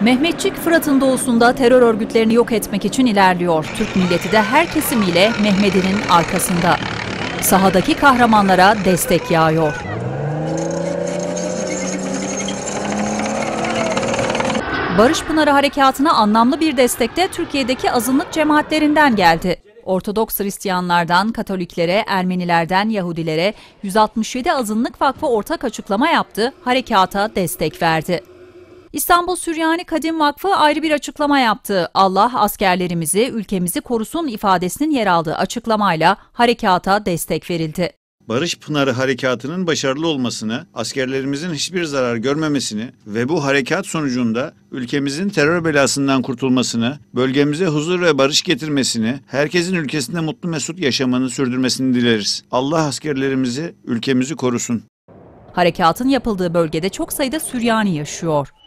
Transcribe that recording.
Mehmetçik Fırat'ın doğusunda terör örgütlerini yok etmek için ilerliyor. Türk milleti de her kesimiyle Mehmet'in arkasında. Sahadaki kahramanlara destek yağıyor. Barış Pınarı Harekatı'na anlamlı bir destekte de Türkiye'deki azınlık cemaatlerinden geldi. Ortodoks Hristiyanlardan Katoliklere, Ermenilerden Yahudilere 167 azınlık vakfı ortak açıklama yaptı, harekata destek verdi. İstanbul Süryani Kadim Vakfı ayrı bir açıklama yaptı. Allah askerlerimizi, ülkemizi korusun ifadesinin yer aldığı açıklamayla harekata destek verildi. Barış Pınarı harekatının başarılı olmasını, askerlerimizin hiçbir zarar görmemesini ve bu harekat sonucunda ülkemizin terör belasından kurtulmasını, bölgemize huzur ve barış getirmesini, herkesin ülkesinde mutlu mesut yaşamanı sürdürmesini dileriz. Allah askerlerimizi, ülkemizi korusun. Harekatın yapıldığı bölgede çok sayıda Süryani yaşıyor.